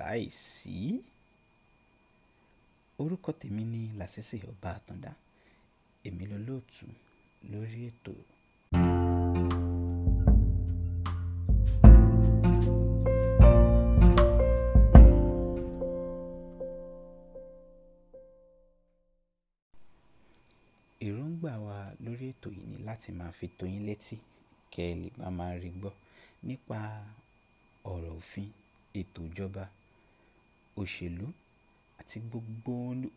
láìsí. Orúkọ tèmi ni Lásìsì Ọba Àtàndá, èmi lolóòtú lórí ètò. èròǹgbà wa lórí ètò yìí ni láti máa fi tó yín létí kẹ́ ẹ lè bá máa rí gbọ́ nípa ọ̀rọ̀ òfin ètò ìjọba òṣèlú àti gbogbo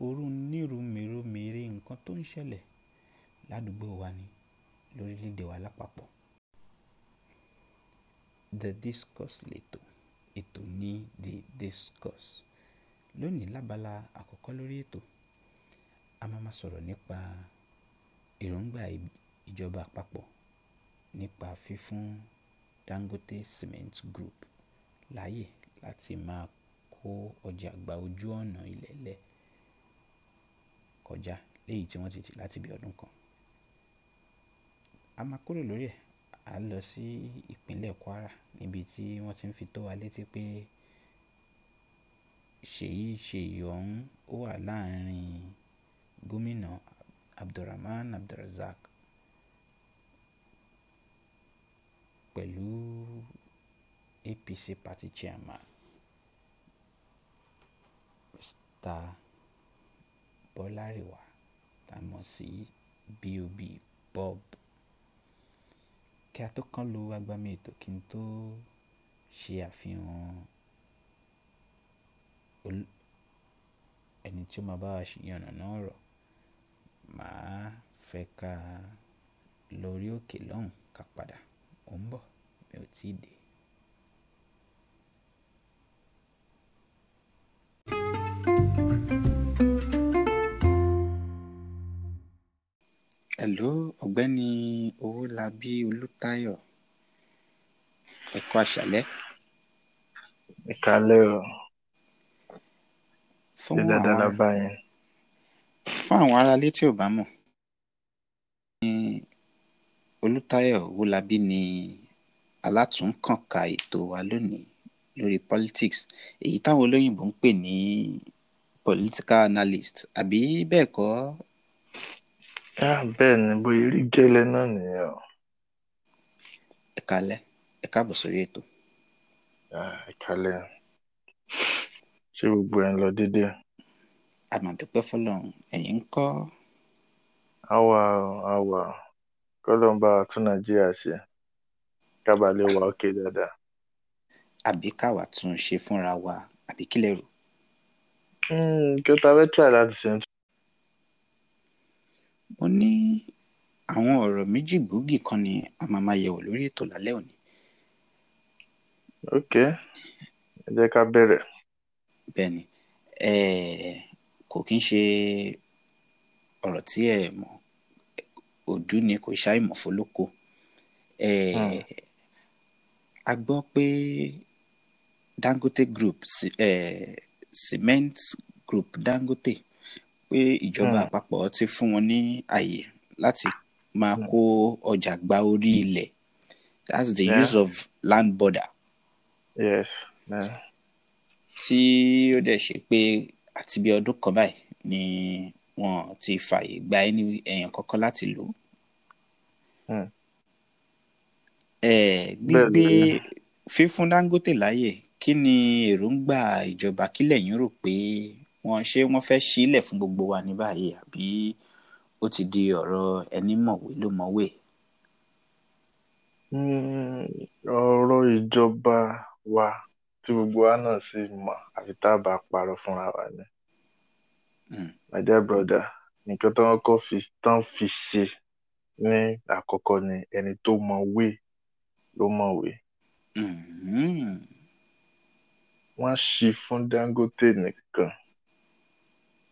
orú nírúmèrúmère nǹkan tó ń ṣẹlẹ̀ ládùúgbò wa ni lórílẹ̀‐èdè wa lápapọ̀. The Discourse leto ètò ní The Discourse lónìí lábala àkọ́kọ́ lórí ètò a máa máa sọ̀rọ̀ nípa èròǹgbà ìjọba àpapọ̀ nípa fífún Dangote Cement Group láàyè láti máa kó ọjà gba ojú ọ̀nà ilẹ̀lẹ̀ kọjá léyìí tí wọ́n ti tì láti bí ọdún kan. A máa kúrò lórí ẹ̀, a lọ sí ìpínlẹ̀ Kwara níbi tí wọ́n ti ń fi tó wa létí pé Ṣèyí Ṣèyí ọ̀hún ó wà láàrin gómìnà Abdulrahman Abdulrazak pẹ̀lú APC party chairman. Mr. Bọ́lárìwá tá a mọ̀ sí BOB Bob. Kí a tó kán lu agbami ètò kí n tó ṣe àfihàn ẹni tí ó máa bá wa yànnà náà rọ̀ màá fẹ́ ká lórí òkè lọ́hùn ká padà ó ń bọ̀ mi ò tí ì dé. hello ọ̀gbẹ́ni owólabí olùtayọ ẹ kú àṣálẹ́. ẹ kálẹ́ o fún àwọn fún àwọn aráalé tí ò bá mọ̀ olùtayọ owólabí ni alátúnkànká ètò wa lónìí lórí politics èyí táwọn olóyìnbó ń pè ní political analyst àbí bẹ́ẹ̀ kọ́ bẹ́ẹ̀ ni bóyá rí gẹ́lẹ́ náà nìyẹn o. ẹ kalẹ́ ẹ káàbọ̀ sórí ètò. ẹ kalẹ́ ṣé gbogbo ẹ̀ ń lọ déédéé. àmàdúpẹ́ fọlọ́run ẹ̀yin ń kọ́. àwa àwa kọ́lọ́n bá a tún nàìjíríà ṣe kábàlẹ̀ wa òkè dáadáa. àbí káwa tún ṣe fúnra wa àbí kílẹ̀ rò. Hmm, kí o ta fẹ́ tíra láti ṣe ń mo ní àwọn ọ̀rọ̀ méjì gbòógì kan ni a máa máa yẹ̀wò lórí ètò lálẹ́ òní. ok ẹ jẹ́ ká bẹ̀rẹ̀. bẹ́ẹ̀ni kò kí ń ṣe ọ̀rọ̀ tí ẹ mọ̀ òdú ni kò ṣàìmọ̀ fólókò. Hmm. a gbọ́ pé Dangote Group eh, cement group Dangote. Si, pé ìjọba hmm. àpapọ̀ ti fún wọn ní àyè láti máa hmm. kó ọjà gba orí ilẹ̀ that's the yeah. use of land border. Yes. Yeah. tí ó dẹ̀ ṣe pé àti bí ọdún kan báyìí ni wọ́n ti fààyè gba ẹni èèyàn kankan láti lò. Hmm. gbígbé fífún Dangote láàyè kí ni èròǹgbà ìjọba kílẹ̀ yín rò pé wọn ṣé wọ́n fẹ́ sílẹ̀ fún gbogbo wa ní báyìí àbí ó ti di ọ̀rọ̀ ẹni mọ̀wé ló mọ̀wé. Hmm, ọ̀rọ̀ ìjọba wa tí gbogbo wa náà sì mọ̀ àfi tá a bá parọ́ fúnra wa ni. Hmm. my dear brother nǹkan tí wọ́n kọ́ fi tán fi ṣe ní àkọ́kọ́ ni ẹni tó mọ̀wé ló mọ̀wé. Hmm. wọ́n ṣí fún Dangote nìkan.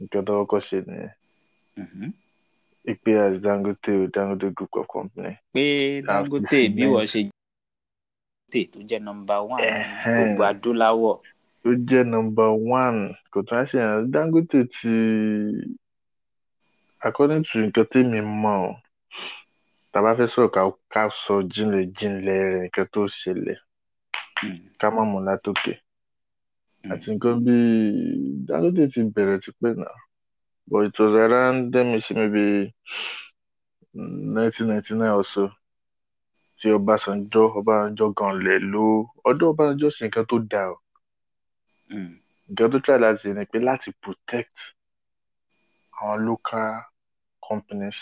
Gado Okoshi ni ìpè Dangote Dangote Group of Company. Pé Dangote bí wọ́n ṣe jẹ́ tó jẹ́ nọmba one gbogbo adúláwọ̀. Tó jẹ́ nọmba one kò tún á ṣe yàn Dangote ti according to nǹkan tèmi mọ̀ ọ́ tàbá fẹ́ sọ̀rọ̀ ká sọ jinlẹ̀ jinlẹ̀ rẹ̀ nǹkan tó ṣẹlẹ̀ ká má mú látòkè. Okay. Mm. àti nǹkan bíi Dangote ti bẹ̀rẹ̀ tipẹ́ náà but it was around let me see maybe nineteen ninety nine or so tí Ọbásanjọ́ Ọbásanjọ́ gan lẹ̀ ló ọdún Ọbásanjọ́ sí nǹkan tó dáa o mm. nǹkan tó try láti ṣe ni pé láti protect àwọn local companies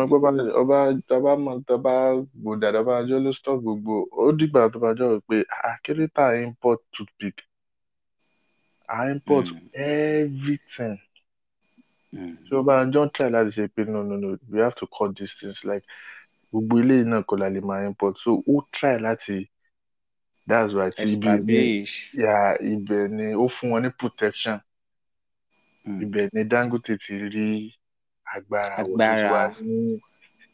ọmọ pé ọba ọba mọ tọba gbòdà tọba jọ ló stop gbogbo ó dìgbà tó bá jọ pé akérèta ah, import toothpick i import mm. everything mm. so ọba jọ ń try láti ṣe pé no no no we have to cut these things like gbogbo ilé náà kò la máa import so ó try láti that's why ti ibi ni ibẹ̀ ni ó fún wọn ní protection hmm. ibẹ̀ ni Dangote ti rí agbára òní wa ní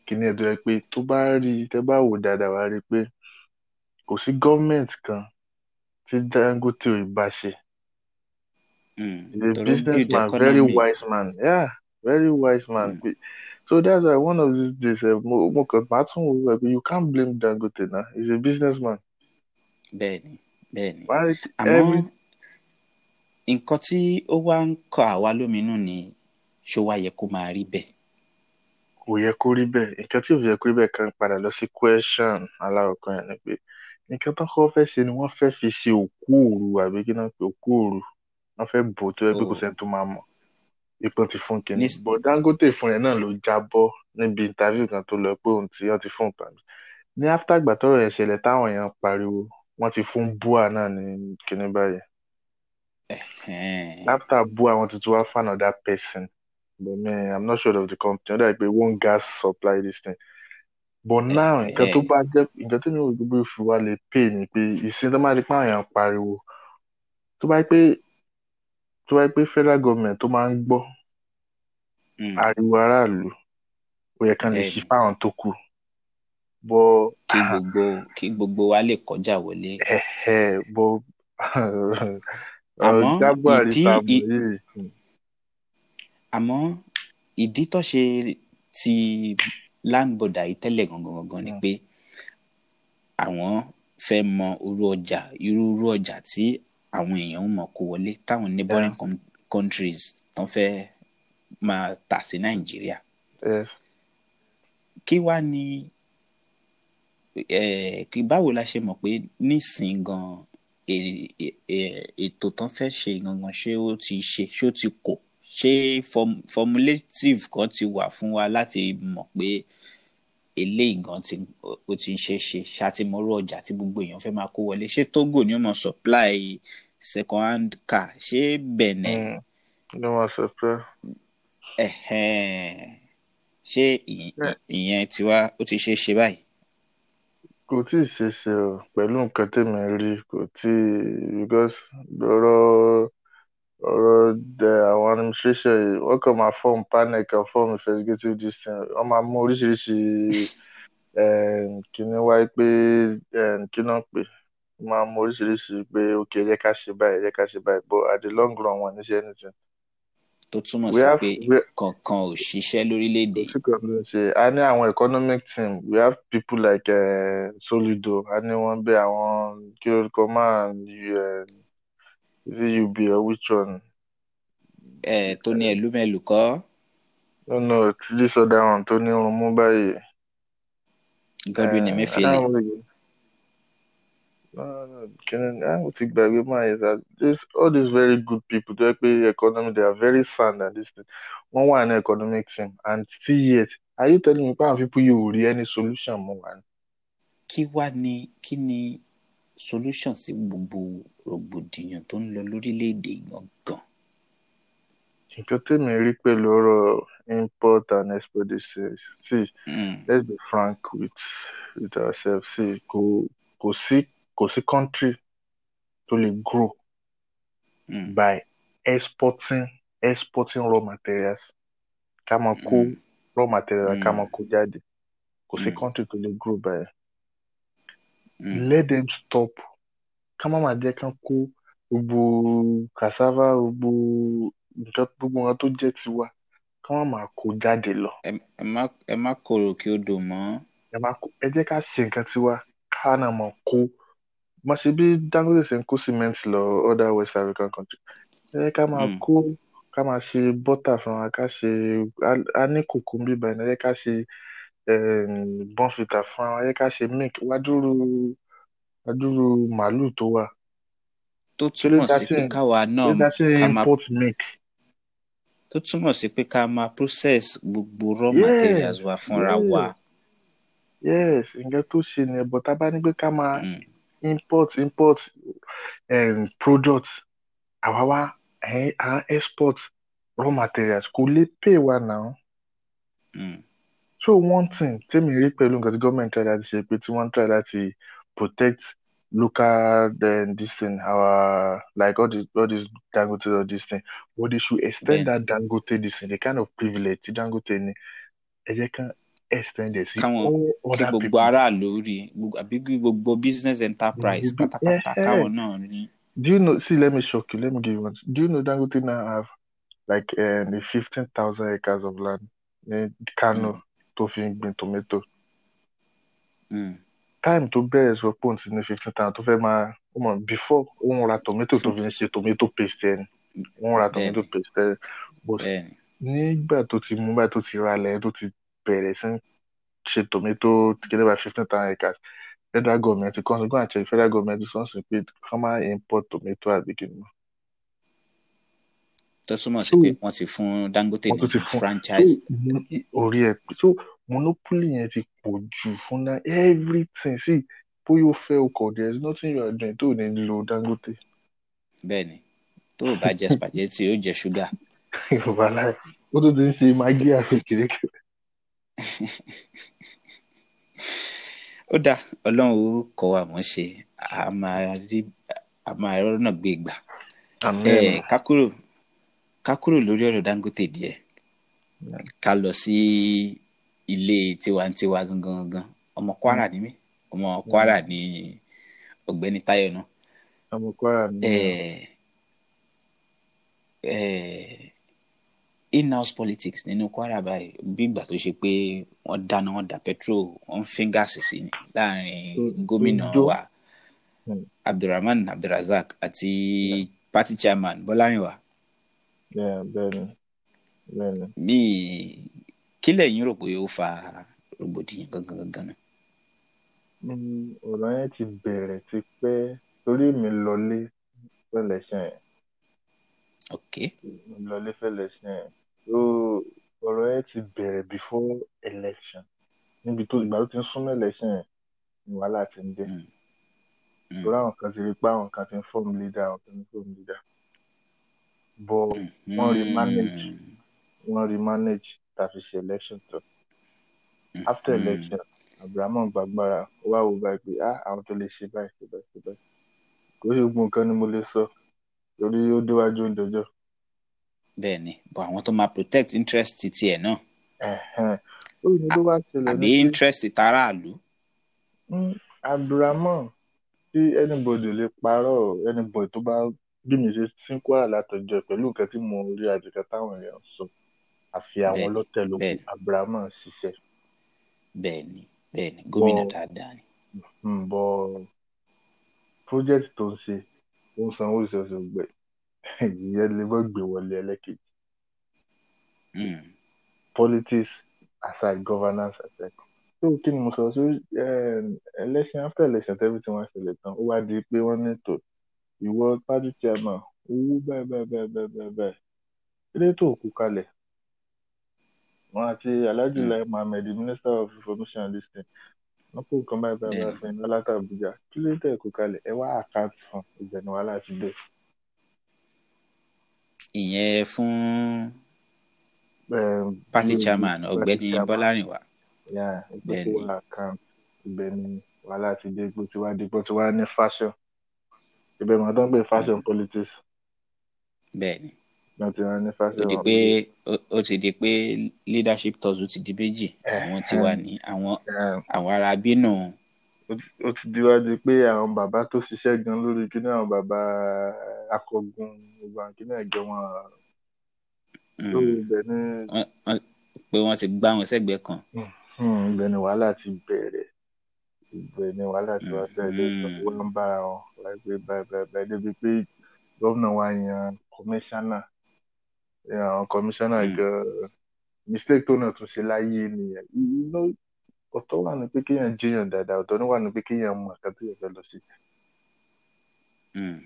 kíní ẹ̀ tó yẹ pé tó bá rí i tẹ́ bá wò dáadáa wá rí i pé kò sí gọ́ọ̀mẹ̀ntì kan tí Dangote ò bá ṣe. Hmm, he's business man very wise man yeah very wise man. Mm. So that's why one of these days eh, mo kàn máa tún wò wípé you can't blame Dangote na he's a business man. Bẹ́ẹ̀ni bẹ́ẹ̀ni àmọ́ nǹkan tí ó wá ń kọ àwa lóminú ni ṣó wá yẹ kó máa rí bẹ́ẹ̀. kò yẹ kó rí bẹ́ẹ̀ nǹkan tí ò yẹ kó rí bẹ́ẹ̀ kan padà lọ sí question aláwọ̀kan yẹn ni pé nǹkan tó kọ́ fẹ́ ṣe ni wọ́n fẹ́ fi ṣe òkú òru àbí kí náà pé òkú òru wọ́n fẹ́ bò tó yẹ pé kò oh. sẹ́ni tó máa mọ̀ ipò ti fún kìnìún bọ̀ Dangote fúnra ẹ̀ náà ló jábọ́ níbi interview kan tó lọ pé òun ti wọ́n ti fún pàmì ní after ìgbà tọrọ yẹn ṣẹlẹ̀ táwọn èèyàn pariwo wọ́n ti fún bua náà ní kìnìún báyìí after bua wọ́n ti tún wá fún another person but man, I'm not sure of the company. that pé one gas supply this thing. But eh, now, eh, nǹkan tó eh. bá jẹ́ nǹkan tó ní gbogbo ìfi wa lè pè ní pé ìsìn tó máa di pé àyàn pariwo. Tó bá pé tó bá pé federal government tó máa ń gbọ́ hmm. ariwo aráàlú, ó yẹ kán lè ṣí fáwọn tó kù. Bọ́ kí gbogbo kí gbogbo wa lè kọjá wọlé. Bọ́ àmọ́ ìdí àmọ́ ìdí tó ṣe ti land border yìí tẹ́lẹ̀ gangan gangan ni hmm. pé àwọn fẹ́ mọ irú ọjà irú irú ọjà tí àwọn èèyàn mọ̀ kó wọlé táwọn neighboring countries tán fẹ́ máa tà sí nàìjíríà. Yeah. kí wá ní kí eh, báwo la ṣe mọ̀ pé nísìnyí gan ètò tán fẹ́ ṣe gangan ṣé ó ti ṣe ṣé ó ti kò ṣé formulative kan ti wà fún wa láti mọ̀ pé eléyìí gan ti ó ti ń ṣe é ṣe ṣàtìmọ́rú ọjà tí gbogbo èèyàn fẹ́ máa kó wọlé ṣé Togo ni ó mọ̀ supply second hand car ṣé Benin. ló hmm, máa supply. ṣé ìyẹn tiwa ó ti ṣe é ṣe báyìí. kò tí ì ṣe ṣe o pẹ̀lú nǹkan tèmi rí kò tí ì because lọ́rọ́. Loro àwọn administration yìí wọ́n kàn máa form panel kan form investigative this thing wọ́n máa mú oríṣiríṣi ehm, kíní wáyé pé ehm, kíná pé máa mú oríṣiríṣi pé ok ẹ jẹ́ ká ṣe báyìí ẹ jẹ́ ká ṣe báyìí but at the long run wọn ní ṣe anything. tó túmọ̀ sí pé kankan ò ṣiṣẹ́ lórílẹ̀‐èdè. a ní àwọn economic team we have people like uh, eh, Soludo a ní wọn bẹ àwọn kí orúkọ máa ń eh, Is it you beer? Which one? Uh, Tony Elumelu kọ́. No, no, it's this other one. Tony Olumubayi. Godwin uh, Emefiele. No, no, can I, I will take back my is that this all these very good people they the economy they are very sound and this thing. One why an economic thing and still yet are you telling me people you will any solution more? Kí wá ni kí ni solution sí gbogbo rògbòdìyàn tó ń lọ lórílẹ̀‐èdè gangan. nǹkan tèmi rí pẹ̀lú ọ̀rọ̀ import and export disease see mm. let's be frank with with ourselves see kò kò sí kò sí country tó lè grow mm. by exporting exporting raw materials ká máa kó hmm. raw materials ká máa hmm. kó jáde kò sí hmm. country tó lè grow by Mm. Let them stop. Ká má má jẹ́ kán kó gbogbo cassava gbogbo nǹkan gbogbo nǹkan tó jẹ́ tiwa ká má má kó jáde lọ. Ẹ má ẹ má kòrò kí ó dò mọ́. Ẹ má kó ẹ jẹ́ ká ṣe nǹkan tiwa ká náà mọ̀ kó má ṣe bí Dangote ṣe ń kó cement lọ other West African country. Ẹ jẹ́ ká máa hmm. kó ká máa ṣe bọ́tà fún wa ká ṣe a ní kòkó bíbá ẹ jẹ́ ká ṣe bọ́n fìtà fún ara yẹ ṣe milk wádúrú wádúrú màálù tó wà. tó túmọ̀ sí pé káwa náà ká máa import milk. tó túmọ̀ sí pé ká máa process gbogbo raw yes, materials wa fúnra yes. wa. yes nǹkan tó ṣe ni ẹ̀bọ̀ tá a bá ní pé ká máa mm. import import um, product àwa wá à export raw materials kò lè pay wa náà. so one thing me, rí pẹ̀lú nǹkan tí government try láti ṣe pé tí wọ́n try láti protect local then this thing our like all this all this dangote all this thing but they should extend yeah. that dangote this thing the kind of privilege ti dangote ni ẹ jẹ kan extend it to all other people. gbogbo ara lórí àbí gbogbo business enterprise pátápátá káwọn eh, eh. náà ní. do you know see let me shock you let me give you one do you know dangote now have like um, fifteen thousand acres of land in eh, Kano. Mm. tó fi ń gbin tomato. Hmm. time tó bẹ̀rẹ̀ sọ pé òun ní fifteen thousand tó fẹ́ máa ó mọ̀ before òun ra tomato tó fi ń ṣe tomato paste ẹni òun ra tomato paste ẹni but nígbà tó ti mú báyìí tó ti ra lẹ̀ tó ti bẹ̀rẹ̀ sí ṣe tomato kíndé by fifteen thousand acres federal government kan ṣùgbọ́n àti federal government sọ̀nsìn pé kí wọ́n máa import tomato àbí kí tó túmọ̀ sí pé wọ́n ti fún Dangote ní franchise. orí ẹ pé so monopoly yẹn ti pọ̀ jù fún na everything sí bóyá o fẹ́ o kọ̀ there is nothing you are doing tó ní lo Dangote. bẹ́ẹ̀ni tó o bá jẹ spaghetti o jẹ sugar. yorùbá láì ó tó ti ń ṣe magi àfi kékeré. ó dá ọlọ́run ó kọ́ wa mọ̀ ṣe a máa rí a máa rọ́nà gbé gbà. ẹ ká ká kúrò lórí ọ̀rọ̀ Dangote díẹ̀ ká lọ sí ilé tiwantiwa gangan gangan ọmọ Kwara ni mí ọmọ Kwara ni ọ̀gbẹ́ni Táyọ̀ náà. ọmọ Kwara ni. Eh, eh, in-house politics nínú Kwara báyìí bí ìgbà tó ṣe pé wọ́n dáná wọ́n dà petrol wọ́n fingers sí ni láàrin gómìnà wa hmm. Abdulrahman Abdulrazak àti party chairman Bọ́lárìnwá bẹ́ẹ̀ni bẹ́ẹ̀ni. bíi kí lẹ̀yin rò pé ó fa rògbòdìyàn gangan gangan náà. Hmm, ọ̀rọ̀ yẹn ti bẹ̀rẹ̀ ti pẹ́ torí mi lọlé fẹ́lẹ̀ ṣe yẹn. ok. mi lọlé fẹ́lẹ̀ ṣe yẹn. so ọ̀rọ̀ yẹn ti bẹ̀rẹ̀ before election níbi tó ìgbà tó ti ń súnmọ́ election yẹn ni wàhálà ti ń dé. Hmm. Hmm. torí àwọn kan ti rí i pé àwọn kan ti ń fọ́ọ̀mù leader àwọn kan ti ń fọ́ọ̀mù leader but wọ́n rí manage hmm. wọ́n rí manage tàfi ṣe election tó hmm. after election abrahamu gbàgbára wà wò báyìí pé ah àwọn tó lè ṣe báyìí ṣe báyìí ṣe báyìí kò sí gbogbo nǹkan ni mo lè sọ torí ó déwájú òǹdọjọ. bẹ́ẹ̀ni bọ àwọn tó máa protect interest titi ẹ náà. àbí interest taraàlú. Hmm, abrahamu tí anybody lè parọ́ anybody tó bá bí mi ṣe sí kwara látọjọ́ pẹ̀lú nǹkan tí mo rí àjẹkà táwọn èèyàn sọ àfi àwọn ọlọ́tẹ̀lú abrahamu ṣiṣẹ́. bẹ́ẹ̀ni bẹ́ẹ̀ni gómìnà dáadáa ni. Hmm, bọ project tó ń ṣe ó ń sanwó ìṣẹ̀ṣẹ̀ gbẹ ìyẹn lè mọ́ gbé wọlé ẹlẹ́kejì. Hmm. politics aside governance aside so kí ni mo sọ sí eh, election after election tẹ́bí tí wọ́n ṣẹlẹ̀ tán ó wá di pé wọ́n ní tòótọ́ ìwọ tájú chairman owó bẹ́ẹ̀ bẹ́ẹ̀ bẹ́ẹ̀ bẹ́ẹ̀ bẹ́ẹ̀ bẹ́ẹ̀ elétò òkú kalẹ̀ wọn àti alhaji lai mohammed minister of information and listing wọn kó nǹkan báyìí báyìí báyìí fún iná láti Àbújá kí ló tẹ̀ kó kalẹ̀ ẹ wá àkáǹtì fún ìgbẹ̀ni wàhálà ti dé. ìyẹn fún party chairman ọ̀gbẹ́ni Bọ́lárìnwá. ìgbẹ̀ni wàhálà ti dé gbó tí wàá dé gbó tí wàá ní fashion ibẹ̀ Be. tó ń pè fashion politics. bẹ́ẹ̀ni ó di pé ó ti di pé leadership tussle ti di méjì eh, àwọn tí wà eh. ní àwọn eh. àwọn ará bínú. ó ti di wá di pé àwọn bàbá tó ṣiṣẹ́ gan lórí kíní àwọn bàbá akọgun ìgbà kíní ẹ̀jọ̀ wọn. Hmm. pé wọ́n ti gbá wọn sẹ́gbẹ̀ẹ́ kan. Hmm, hmm, ibẹ̀ ni wàhálà ti bẹ̀rẹ̀ ìgbẹ́ ni wàhálà tí wàá fẹ́ lé mm-hmm. wọ́n ń bára wọn láìpẹ́ bẹ́ẹ̀ débi pé gómìnà wa yan kọmíṣánná àwọn kọmíṣánná mm. gan mistake tó náà tún ṣe láyé nìyẹn inú ọ̀tọ̀ wà ní pé kéèyàn jẹyàn dáadáa ọ̀tọ̀ ní wà ní pé kéèyàn mọ̀ nǹkan tó yẹ fẹ́ lọ sí. Mm.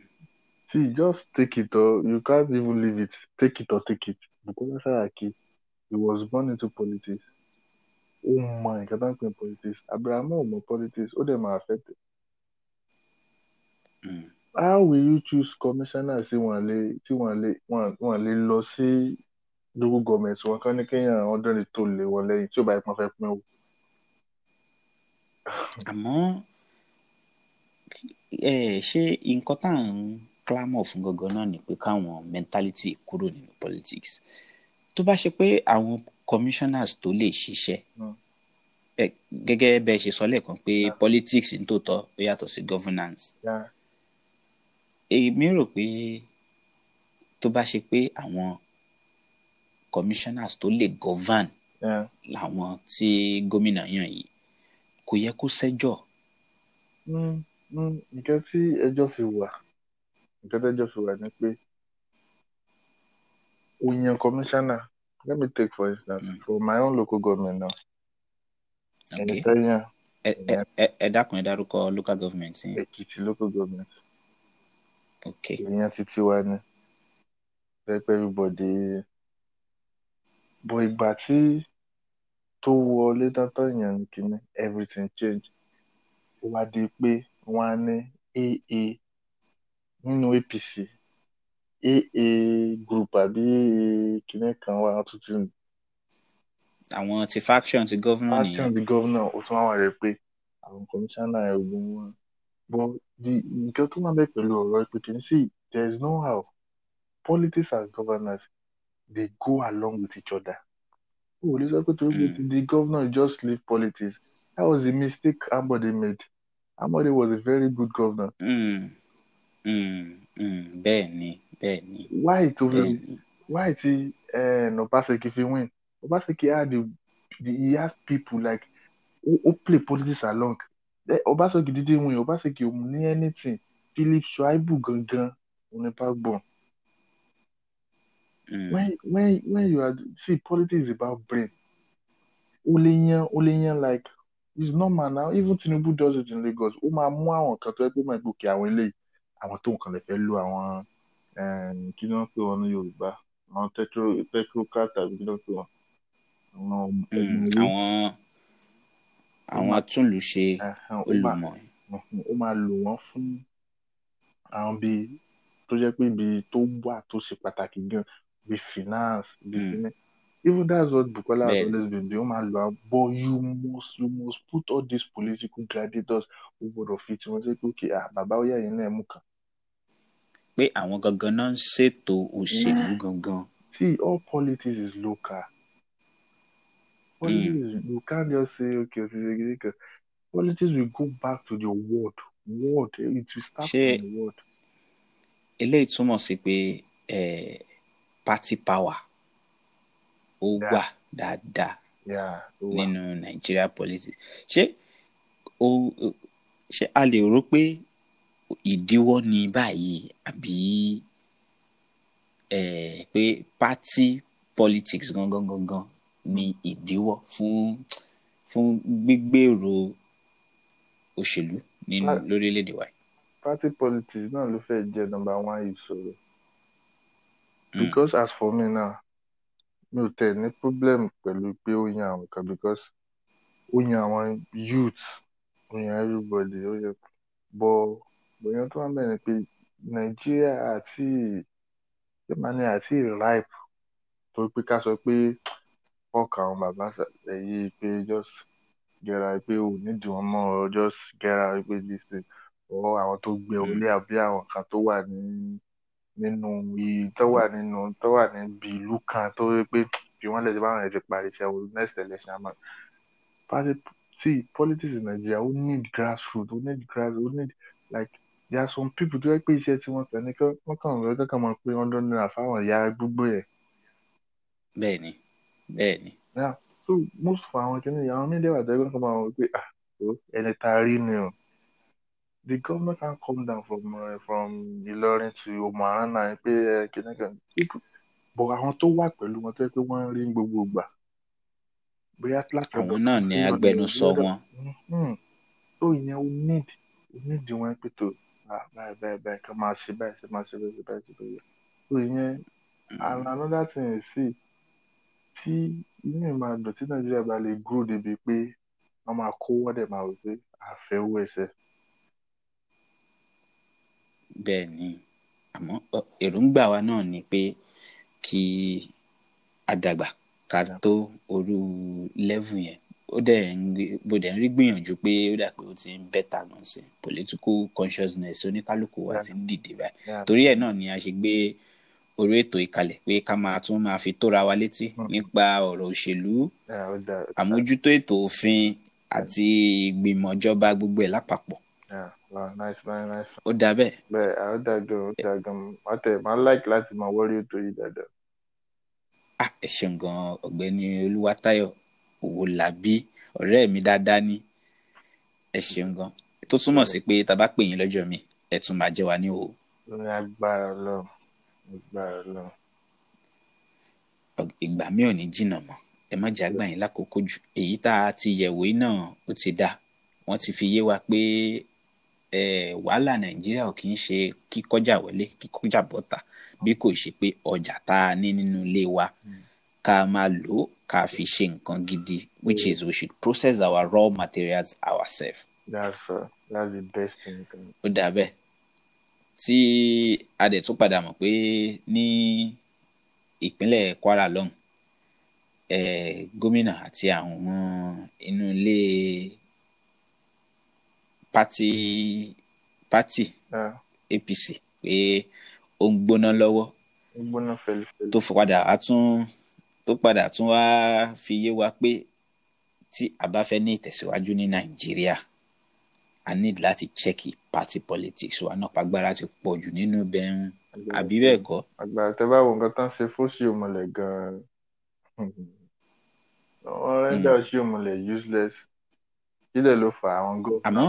see just take it or you can't even leave it take it or take it Bukola Saraki he was born into politics ó mọ nǹkan tó ń pè politics Abrahamu ò mọ politics ó dẹ̀ máa affect it. Hmm. How will you choose commissioner tí wọ́n lè tí wọ́n lè wọ́n lè lọ sí local government wọn kàn ní kéèyàn ọdún lè tó lè wọlé yìí tí ó bá yẹ kàn fẹ́ pín o. Àmọ́ ṣé nǹkan tá à ń clamor fún gangan náà ni pé káwọn mentality kúrò nínú politics tó bá ṣe pé àwọn commissioners tó lè ṣiṣẹ́ hmm. gẹ́gẹ́ bẹ́ẹ̀ ṣe sọ lẹ́ẹ̀kan pé politics ń tòótọ́ ó yàtọ̀ sí governance èmi rò pé tó bá ṣe pé àwọn commissioners tó lè govern làwọn tí gómìnà yàn yìí kò yẹ kó ṣẹjọ́. Hmm, hmm, nǹkan tí ẹjọ́ fi wà nǹkan tí ẹjọ́ fi wà ni pé òyìn kọmíṣánná let me take for instance mm. for my own local government now. Okay. Kenya, ẹ dákun ẹ dárúkọ local government yín. Èkìtì local government. Okay. Ìyẹn títí wá ní pẹ́pẹ́ everybody. Bọ̀ ìgbà tí tó wọlé dántọ́ yẹn ní kíní everything change. Ó wá di pé wọ́n á ní AA nínú APC AA group àbí kìnnì kan wà tuntun àwọn ti faction ti governor nìyẹn. faction ti governor ó tún wá rẹ pé àwọn kọmíṣánná ẹ ogun wọn but the nǹkan tó máa bẹ pẹ̀lú ọ̀rọ̀ ẹ pé kìnnì sí there is no how politics and governance dey go along with each other. o ò lè sọ pé torí pé hmm. the governor just leave politics that was a mistake Ambode made Ambode was a very good governor. Mm. Mm. Mm. bẹ́ẹ̀ ni. bẹ́ẹ̀ni. why to win why ti eh, Obaseki fi win Obaseki had the, the he has people like who play politics along eh, Obaseki didn't win Obaseki ò ní anything Philip Shuaibu gangan òní backbone. Mm. When when when you are see politics is about brain. Oleyan Oleyan like it's normal now even Tinubu does it in Lagos. Ó máa mú àwọn kan tó ẹgbẹ́ máa gbòkè àwọn eléyìí àwọn tó nǹkan lè fẹ́ lo àwọn kí ló ń pè wọn ní Yorùbá àwọn petroka tàbí kí ló ń pè wọn. Hmm, àwọn àwọn atúnlùṣe olùmọ̀. ó máa lò wọ́n fún àwọn bíi tó jẹ́ pé ibi tó wà tó ṣe pàtàkì gan bíi finance bíi hmm. finance. Even that's what Bukola always been doing. Malua, but you must, you must put all these political gladiators who would have fit. You must okay, ah, Baba Oya yẹn náà mú kan pé àwọn gangan náà ń ṣètò òṣèlú gangan. see all politics is local politics mm. you can't just say okay okay politics will go back to the world world it will start Ṣé, from the world. eléyìí túmọ̀ sí pé eh, party power ó wà dáadáa nínú Nigeria politics ṣé o ṣé a lè rò pé ìdíwọ́ ni báyìí àbí um pé party politics gangan gangan ni ìdíwọ́ fún fún gbígbèrò òṣèlú nínú lórílẹ̀‐èdè wa. party politics náà ló fẹ́ jẹ́ number one ìṣòro hmm. because as for me now mi ò tẹ̀ ní problem pẹ̀lú pé ó yan àwọn kan because ó yan àwọn youth ó yan everybody ó yan bọ́ọ̀ bóyá tó wà mẹ́rin pé nàìjíríà àti germany àti ripe tó pé ká sọ pé fọ́ọ̀kì àwọn bàbá ẹ̀yí pé just gẹ́ra pé ò nídìí wọn mọ́ ọ just gẹ́ra pé listen ọ àwọn tó gbé hmm. orí àbí àwọn kan tó wà ní nínú iye tó wà nínú tó wà níbi ìlú kan tó yẹ pé bí wọ́n lè ti báwọn ẹ̀ ti parí iṣẹ́ wọn next election àmọ́ party see politics in Nigeria we need grassroots we need grass we need like there are some people tó yẹ pé iṣẹ́ tí wọ́n tẹ̀lé kọ́ wọ́n kàn lọ́ọ́ dẹ́kàn mọ́ pé hundred naira fáwọn ìyá gbogbo ẹ̀. bẹ́ẹ̀ni bẹ́ẹ̀ni. now so most of àwọn kìnìún àwọn mílíọ̀nù àti ẹgbẹ́ kan máa wọ pé ah o ẹni tá rí ni o the government can come down from uh, from Ìlọrin to Omoran náà pé eh, kìnìún kan but àwọn tó wà pẹ̀lú wọn tó yẹ pé wọ́n ń rí gbogbo ìgbà bóyá látọ̀ àwọn náà ni agbẹnusọ wọn. Hmm. so ìyẹn o need o need wọn pé tó báyìí báyìí báyìí kan máa ṣe báyìí ṣe máa ṣe báyìí báyìí ṣe báyìí so ìyẹn mm-hmm. and another thing is see tí inú ìmọ̀ àdùn tí nàìjíríà bá lè grow débi pé wọ́n máa kó wọ́n dẹ̀ máa wò pé àfẹ́ owó ẹsẹ̀. bẹ́ẹ̀ ni àmọ́ èròǹgbà wa náà ni pé kí a dàgbà ká tó orú lẹ́vù yẹn ó dẹ̀ mo dẹ̀ ń rí gbìyànjú pé ó dà pé ó ti ń bẹ́tà gan sí political consciousness oníkálukú wa ti ń dìde báyìí torí ẹ̀ náà ni a ṣe gbé orí ètò ìkàlẹ̀ pé ká máa tún máa fi tóra wa létí hmm. nípa ọ̀rọ̀ òṣèlú àmójútó ètò òfin àti ìgbìmọ̀ ìjọba gbogbo ẹ̀ lápapọ̀. ó dà bẹ́ẹ̀. bẹ́ẹ̀ ah, ó dà gan ó dà gan máa tẹ̀ máa láìkí láti máa wọ́rí ètò yìí dáadáa. Ah, ẹ ṣeun gan ọ̀gbẹ́ni Olúwatáyọ̀ Owólabí ọ̀rẹ́ mi dáadáa ni ẹ ṣeun gan tó túmọ̀ sí pé tá a bá pè yín lọ́jọ́ mi ẹ tún máa jẹ́ wa ní òwò. ní agbára lọ agbára lọ. ìgbà mi ò ní jìnnà mọ́ ẹ má jẹ́ àgbà yín lákòókò jù èyí tá a ti yẹ̀wò iná ó ti dá wọ́n ti fi yé wa pé wàhálà nàìjíríà ò kì í ṣe kíkọjà wọlé kíkọjà bọ́ta bí kò ṣe pé ọjà tá a ní nínú ilé wa ká máa lò ó ká fi ṣe nǹkan gidi which is we should process our raw materials ourselves. that's uh, that's the best thing. ó dà bẹ́ẹ̀ tí a dẹ̀ tún padà mọ̀ pé ní ìpínlẹ̀ Kwara lọ́hùn eh, gómìnà àti àwọn inú ilé pati pati yeah. APC pé ó ń gbóná lọ́wọ́ tó fọpadà á tún. Atun tó padà tún wá fi yé wa pé tí a bá fẹ́ ní ìtẹ̀síwájú ní nàìjíríà a need láti chẹ́kì party politics wa náà pàgbára ti pọ̀ jù nínú bẹ́ẹ̀ ń àbí bẹ́ẹ̀ kọ́. àgbà tẹ bá wo nǹkan tán ṣe fún Ṣíòmùlẹ̀ gan-an wọ́n rẹ́ńdà hmm. Ṣíòmùlẹ̀ useless sílẹ̀ ló fà àwọn gómìnà. àmọ́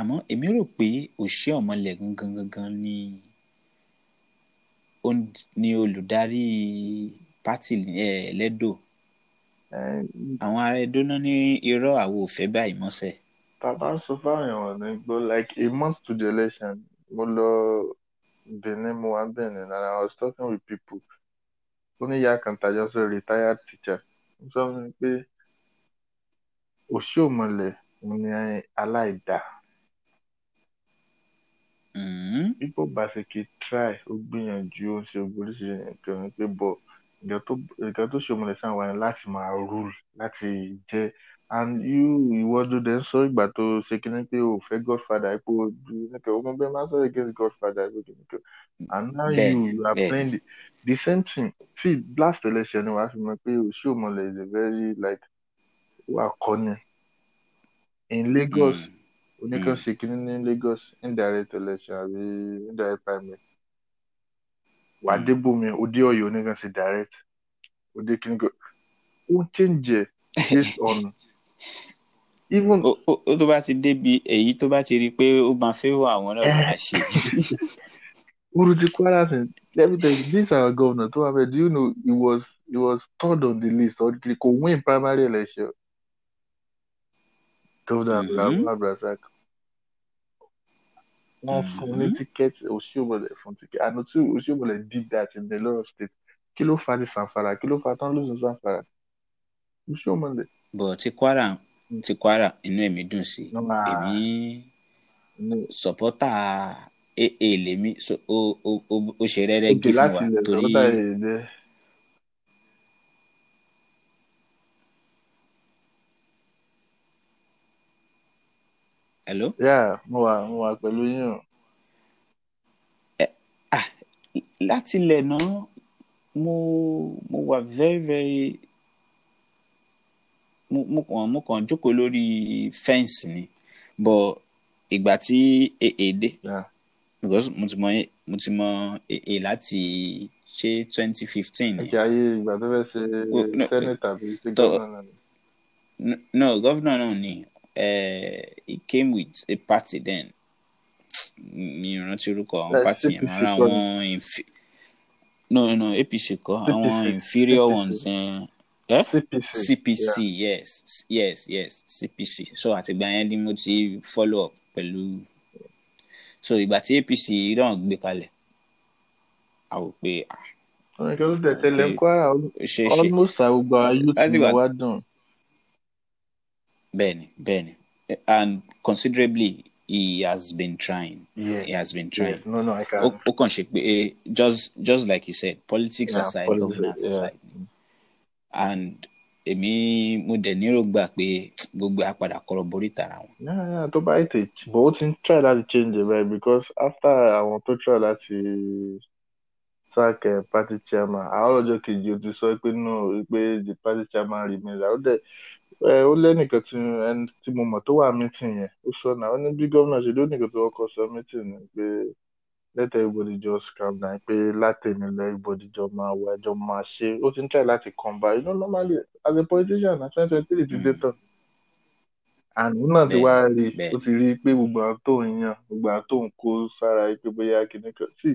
àmọ́ èmi rò pé òṣìṣẹ́ ọ̀mọ̀lẹ̀ gangan ni ni olùdarí pátì lẹ́dọ̀ àwọn ará Ẹdó náà ní irọ́ àwọn ò fẹ́ báyìí mọ́sẹ̀. bàbá sọ fáwọn èèyàn ní gbọ́ like a month to the election mo lọ Benin mo wá Benin and I was talking with people ó ní ìyá kan tàjọ sọ retired teacher ó sọ fún mi pé òṣìòmọ̀lẹ̀ ni aláìdáa. Mm-hmm. bíbọ̀ bá ṣe kí try ó gbìyànjú ó ń ṣe oríṣiríṣi nǹkan pé bọ̀ nǹkan tó ṣe ọmọlẹ̀ sáà wà ní láti máa rule láti jẹ́ and you ìwọ́dù dẹ̀ ń sọ ìgbà tó ṣe kíní pé o fẹ́ godfather ipò nìkan ọmọ bẹ́ẹ̀ máa sọ̀rọ̀ against godfather ipò nìkan and now you you are yeah. playing the, the same thing see last election ni wàá fi mọ̀ pé o ṣe ọmọlẹ̀ is a very like wà kọ́ni in Lagos. Mm oníkànṣe kínní ní Lagos indirect election àbí indirect primary wà á dé bómi òde Ọ̀yọ́ oníkànṣe direct òde kínní kan ó ń change based on even. ó tó bá ti débi èyí tó bá ti rí i pé ó máa favour àwọn náà eh. máa ṣe. Uru ti Kwara sin let me tell you this our governor tó wà bẹ́ẹ̀ do you know he was he was third on the list or kò win primary election tó dà lábàrásák wọ́n fún ní tíkẹ́ẹ̀tì òṣìṣẹ́bọ̀lẹ̀ fún tíkẹ́ẹ̀tì àná tí òṣìṣẹ́bọ̀lẹ̀ did that in a lot of states kí ló fa ti sanfara kí ló fa tán lóṣù sanfara òṣìṣẹ́bọ̀lẹ̀. bọ̀ ti kwara ti kwara inú ẹ̀mí dùn sí ah. èmi sọ̀pọ́tà aa lèmi ó ṣe rẹ́rẹ́ gí wa torí. hello. yeah mo wà mo wà pẹ̀lú yín o. Eh, ah, láti ilẹ̀ náà mo mo wà very very mo mo kàn mo kàn jókòó lórí fẹ́ǹsì ni but ìgbà tí èè dé because mo ti mọ mo ti mọ èè láti ṣe twenty fifteen ni. ẹ̀jẹ̀ ayé ìgbà tó fẹ́ ṣe sẹ́nẹ̀tà bíi ṣe gómìnà ni. no gómìnà náà ni uh, he came with a party then mi rántí orúkọ àwọn party yẹn ara àwọn no no APC kọ àwọn inferior ones eh? CPC, eh? yes yes yes CPC so àtìgbà yẹn ni mo ti follow up pẹ̀lú so ìgbà tí APC náà gbé kalẹ̀ a wò pé ah. ọ̀rẹ́ kí ló dẹ̀ ayé tí mo wá dùn bẹ́ẹ̀ni bẹ́ẹ̀ni and considerably he has been trying. Yeah. He has been trying. Yeah. No, no, I can't. O, o kàn ṣe eh, just just like you said, politics yeah, aside, politics, governance yeah. aside, and èmi mo dẹ̀ nírò gbà pé gbogbo àpàdà kọ̀rọ̀ borí tara wọn. náà tó bá ètè bó o ti ń try láti change it right because after àwọn tó try láti sack eh, party chairman àwọn ọlọ́jọ́ kejì o ti sọ pé no pé the party chairman remains àwọn dẹ̀ ẹ ó lẹ́nìkan tí ẹni tí mo mọ̀ tó wà mítìn yẹn ó sọ náà ó ní bí gómìnà ṣe lónìkan tó kọ́kọ́ sọ mítìn ni pé let everybody just calm down pé látẹ̀mí lọ everybody jọ máa wà jọ máa ṣe ó ti ń try láti combat you know normally as a politician na twenty twenty three ti dé tán àná náà ti wá rí ó ti rí i pé gbogbo àwọn tó ń yan gbogbo àwọn tó ń kó sára pé bóyá kìnìún kan sí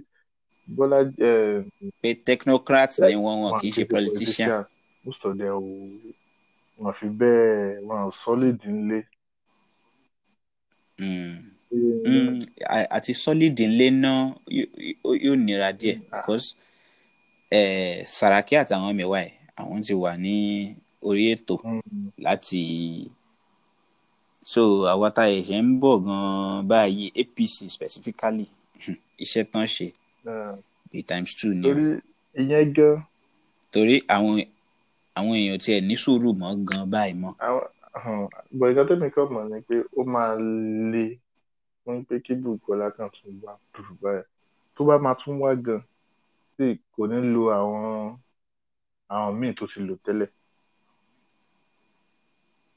bọ́lá. Eh, pé technocrats ni wọ́n wọ́n kì í ṣe politician wọn fi bẹ́ẹ̀ wọn ò solid ńlé. Hmm. Hmm, àti solid ńlé náà yóò nira díẹ̀ ah. because eh, Sàràkí àtàwọn mẹ́wàá ẹ̀ àwọn ti wà ní orí ètò hmm. láti so àwa tá a ṣe ń bọ̀ gan-an báyìí APC specifically iṣẹ́ tán ṣe b ah. times two ni. torí ìyẹn gan. torí àwọn àwọn èèyàn tiẹ̀ ní sùúrù mọ́ gan báyìí mọ́. bọ̀ ìgbà tẹ́mi kọ́ mọ̀ ni pé ó máa le fún pé kí Bùkọ́lá kan tún wá dùrù báyìí tó bá máa tún wá gan tí kò ní lo àwọn àwọn míì tó ti lò tẹ́lẹ̀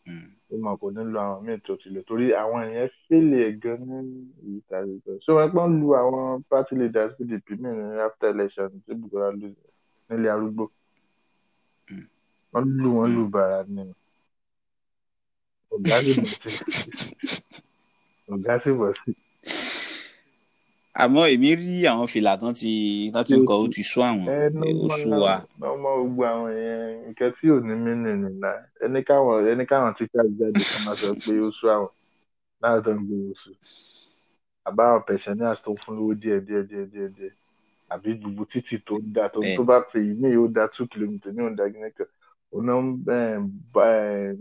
hmm. ó mọ̀ kò ní lo àwọn míì tó ti lò torí àwọn èèyàn fèlè gan ní èyí tàbí gan ṣé wọ́n pọ́n lu àwọn party leaders PDP mìíràn after election tí Bùkọ́lá lù nílé arúgbó wọ́n lù wọ́n lù bàrà ni ọ̀gá sì bọ̀ sí ọ̀gá sì bọ̀ sí. àmọ́ èmi rí àwọn fìlà tán ti tán ti kọ́ ó ti sú àwọn ó sú wa. ọmọ gbogbo àwọn yẹn nǹkan tí ò ní mí nìyí náà ẹni káwọn ẹni káwọn tíṣà jáde kan máa sọ pé ó sú àwọn náà tó ń gbé oṣù àbá àwọn pensioners tó ń fún lówó díẹ̀ díẹ̀ díẹ̀ díẹ̀ díẹ̀ àbí gbogbo títì tó ń da tó bá ti ní yóò da two kilometre ní òǹda gíníkan ọ̀nà eh, eh,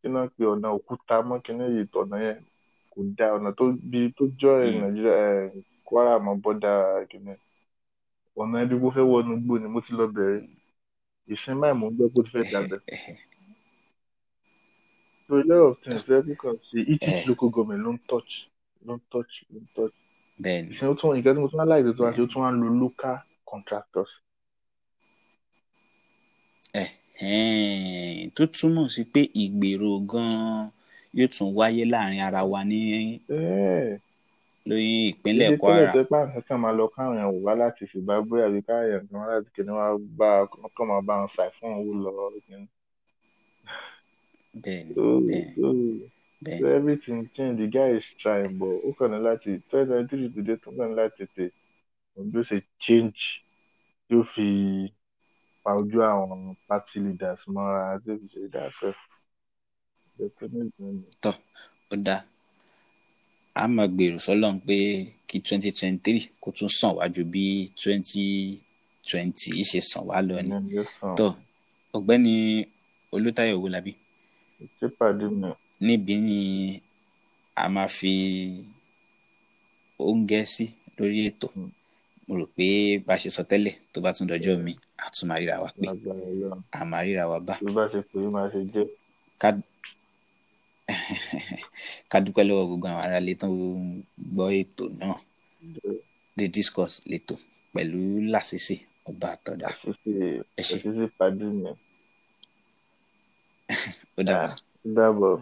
kíná pé ọ̀nà òkúta mọ́ kíní yìí tọ̀nà yẹn kò da ọ̀nà tó bi tó jọ eh, hmm. nàìjíríà kwara mọ́ bọ́dà kíní ọ̀nà ibi kó fẹ́ wọnú gbó ni mo ti lọ bẹ̀rẹ̀ ìsìn máì mò gbọ́ kó ti fẹ́ dàbẹ̀. so a lot of things every country each each local government ló ń touch ló ń touch ló ń touch. ìsìn ó tún ìkẹ́ni mo tún wá láì tó tó wá ṣe ó tún wá lo local contractors tó túmọ̀ sí pé ìgbèrò gan-an yóò tún wáyé láàrin ara wa ní lóyún ìpínlẹ̀ Kwara. ilé tó lè tẹ́pẹ́ àwọn kan máa lọ káwọn èèyàn wá láti Zimbabwe àbí káwọn kan wá láti kìnìún wá bá ọkọ̀ máa bá wọn ṣàì fún òun lọ. bẹ́ẹ̀ni bẹ́ẹ̀ni bẹ́ẹ̀ni. everything change the guy is trying but ó kàn ní láti twenty twenty three today tó kàn ní láti tètè do ṣe change yóò fi pa ojú àwọn party leaders mọ́ra tó fi ìdáfẹ́. tọ́ ó dáa a máa gbèrò sọ́lọ́n pé kí twenty twenty three kó tún sàn wá ju bí twenty twenty ṣe sàn wá lọ ni tọ́ ọ̀gbẹ́ni olùtayọ̀ owólabí. ìtìpàdé mi. níbi ni a máa fi oúnjẹ sí lórí ètò. Mm mo rò pé bá a ṣe sọ tẹ́lẹ̀ tó bá tún dọjọ́ mi a tún máa ríra wa pé a máa ríra wa bá. bí bá ṣe pè é máa ṣe jẹ́. ká dúpẹ́ lọ́wọ́ gbogbo àwọn aráalé tó ń gbọ́ ètò náà the discourse lẹ́tọ̀ pẹ̀lú Lásìsì ọba àtọ̀dá. ẹ ṣe pàdé mi. ó dàbọ̀. dàbọ̀.